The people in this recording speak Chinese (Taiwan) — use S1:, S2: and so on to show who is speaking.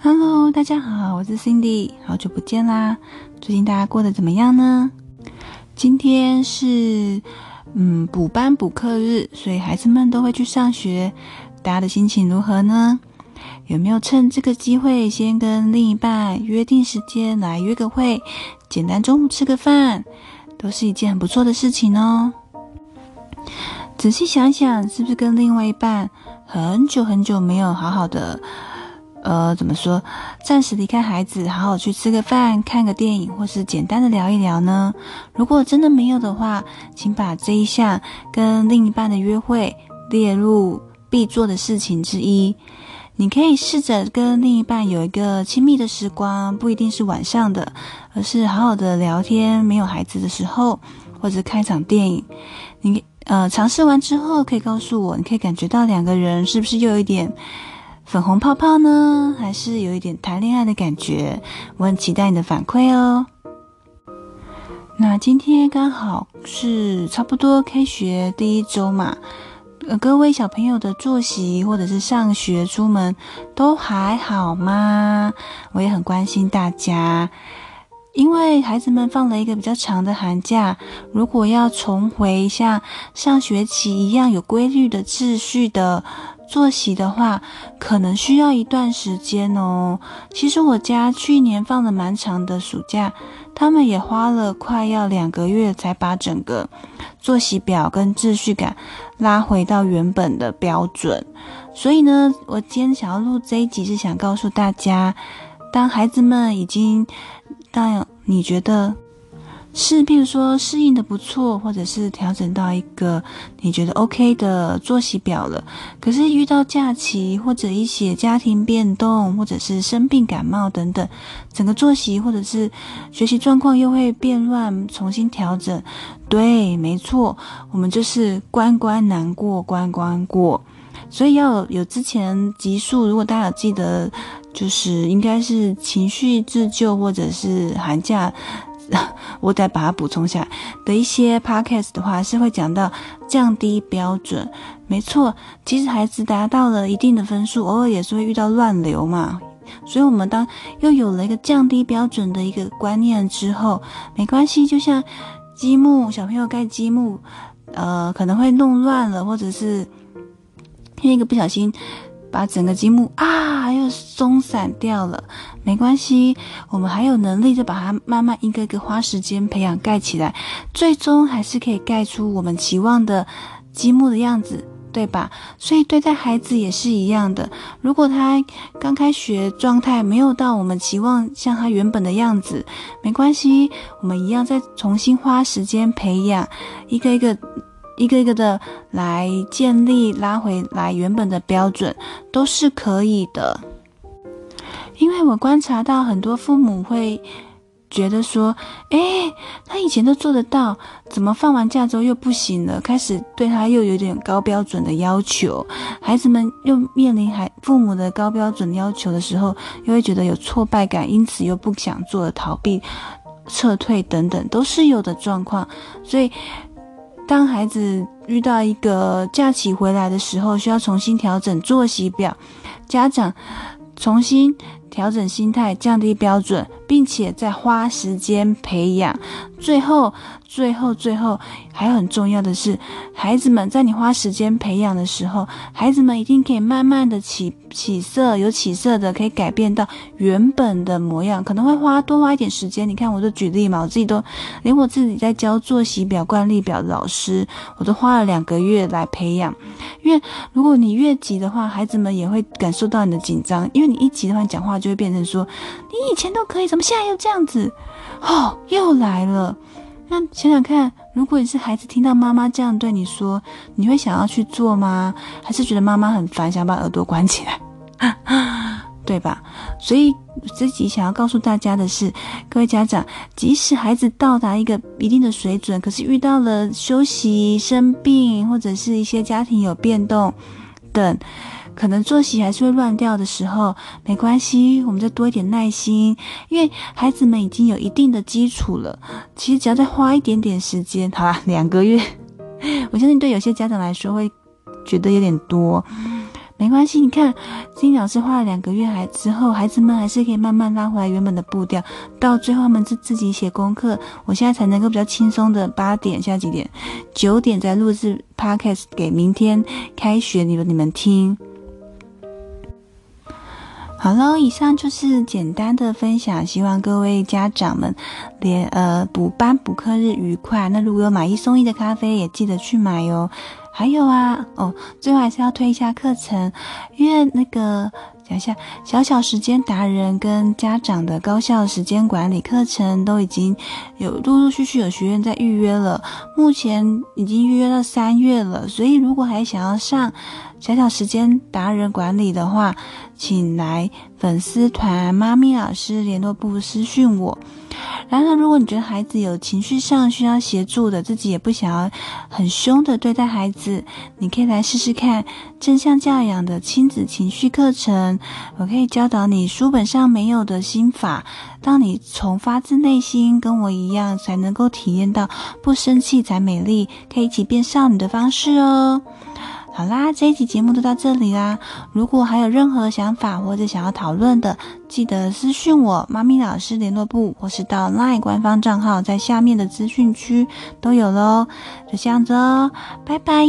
S1: 哈囉，大家好，我是 Cindy，好久不見啦！最近大家過得怎麼樣呢？今天是，嗯，補班補課日，所以孩子們都會去上學。大家的心情如何呢？有沒有趁這個機會先跟另一半約定時間來約個會，簡單中午吃個飯，都是一件很不錯的事情哦。仔細想想，是不是跟另外一半很久很久沒有好好的？呃，怎麼說？暫時離開孩子，好好去吃個飯、看個電影，或是簡單的聊一聊呢？如果真的沒有的話，請把這一項跟另一半的約會列入必做的事情之一。你可以試着跟另一半有一個親密的時光，不一定是晚上的，而是好好的聊天，沒有孩子的時候，或者看一場電影。你呃，嘗試完之後可以告訴我，你可以感覺到兩個人是不是又有一點？粉紅泡泡呢，還是有一點談戀愛的感覺？我很期待你的反饋哦。那今天剛好是差不多開學第一周嘛，呃，各位小朋友的作息或者是上學出門都還好嗎？我也很關心大家，因為孩子們放了一個比較長的寒假，如果要重回像上學期一樣有規律的秩序的。作息的話，可能需要一段時間哦。其實我家去年放了蠻長的暑假，他們也花了快要兩個月才把整個作息表跟秩序感拉回到原本的標準。所以呢，我今天想要錄這一集，是想告訴大家，當孩子們已經，當你覺得。是，譬如說適應得不錯，或者是調整到一個你覺得 OK 的作息表了。可是遇到假期或者一些家庭變動，或者是生病感冒等等，整個作息或者是學習狀況又會變亂，重新調整。對，沒錯，我們就是關關難過關關過。所以要有之前集數，如果大家記得，就是應該是情緒自救，或者是寒假。 我再把它補充下的一些 podcast 的話是會講到降低標準，沒錯。其實孩子達到了一定的分數，偶爾也是會遇到亂流嘛。所以，我們當又有了一個降低標準的一個觀念之後，沒關係。就像積木，小朋友蓋積木，呃，可能會弄亂了，或者是因為一個不小心，把整個積木啊。鬆散掉了，沒關係，我們還有能力，就把它慢慢一個一個花時間培養蓋起來，最終還是可以蓋出我們期望的積木的樣子，對吧？所以對待孩子也是一樣的，如果他剛開學狀態沒有到我們期望像他原本的樣子，沒關係，我們一樣再重新花時間培養，一個一個，一個一個的來建立拉回來原本的標準，都是可以的。因為我觀察到很多父母會覺得說：“誒，他以前都做得到，怎麼放完假之後又不行了？開始對他又有點高標準的要求，孩子們又面臨孩父母的高標準要求的時候，又會覺得有挫敗感，因此又不想做了，逃避、撤退等等，都是有的狀況。所以，當孩子遇到一個假期回來的時候，需要重新調整作息表，家長重新。調整心態，降低標準，並且再花時間培養，最後。最後，最後，還很重要的是，孩子們在你花時間培養的時候，孩子們一定可以慢慢的起起色，有起色的可以改變到原本的模樣。可能會花多花一點時間。你看，我的舉例嘛，我自己都連我自己在教作息表、慣例表的老師，我都花了兩個月來培養。因為如果你越急的話，孩子們也會感受到你的緊張。因為你一急的話，你講話就會變成說，你以前都可以，怎麼現在又這樣子？哦，又來了。那想想看，如果你是孩子，聽到媽媽這樣對你說，你會想要去做嗎？還是覺得媽媽很煩，想把耳朵關起來， 對吧？所以，我自己想要告訴大家的是，各位家長，即使孩子到達一個一定的水準，可是遇到了休息、生病或者是一些家庭有變動。可能作息還是會亂掉的時候，沒關係，我們再多一點耐心，因為孩子們已經有一定的基礎了。其實只要再花一點點時間，好啦，兩個月，我相信對有些家長來說會覺得有點多。沒關係，你看金老師花了兩個月，還之後孩子們還是可以慢慢拉回來原本的步調。到最後他們自自己寫功課，我現在才能夠比較輕鬆的八點，現在幾點？九點再錄制 Podcast 給明天開學你們你們聽。好嘍，以上就是簡單的分享，希望各位家長們連，連呃補班補課日愉快。那如果有買一送一的咖啡，也記得去買喲。還有啊，哦，最後還是要推一下課程，因為那個講一下小小時間達人跟家長的高效時間管理課程都已經有陸陸續續有學員在預約了，目前已經預約到三月了，所以如果還想要上小小時間達人管理的話，請來。粉絲團媽咪老師聯絡簿私訊我，然後如果你覺得孩子有情緒上需要協助的，自己也不想要很兇的對待孩子，你可以來試試看正向教養的親子情緒課程，我可以教導你書本上沒有的心法，當你從發自內心跟我一樣，才能夠體驗到不生氣才美麗，可以一起變少女的方式哦。好啦，這一集節目就到這裡啦。如果還有任何想法或者想要討論的，記得私訊我媽咪老師聯絡簿，或是到 LINE 官方賬號在下面的資訊區都有嘍。就這樣子哦，拜拜。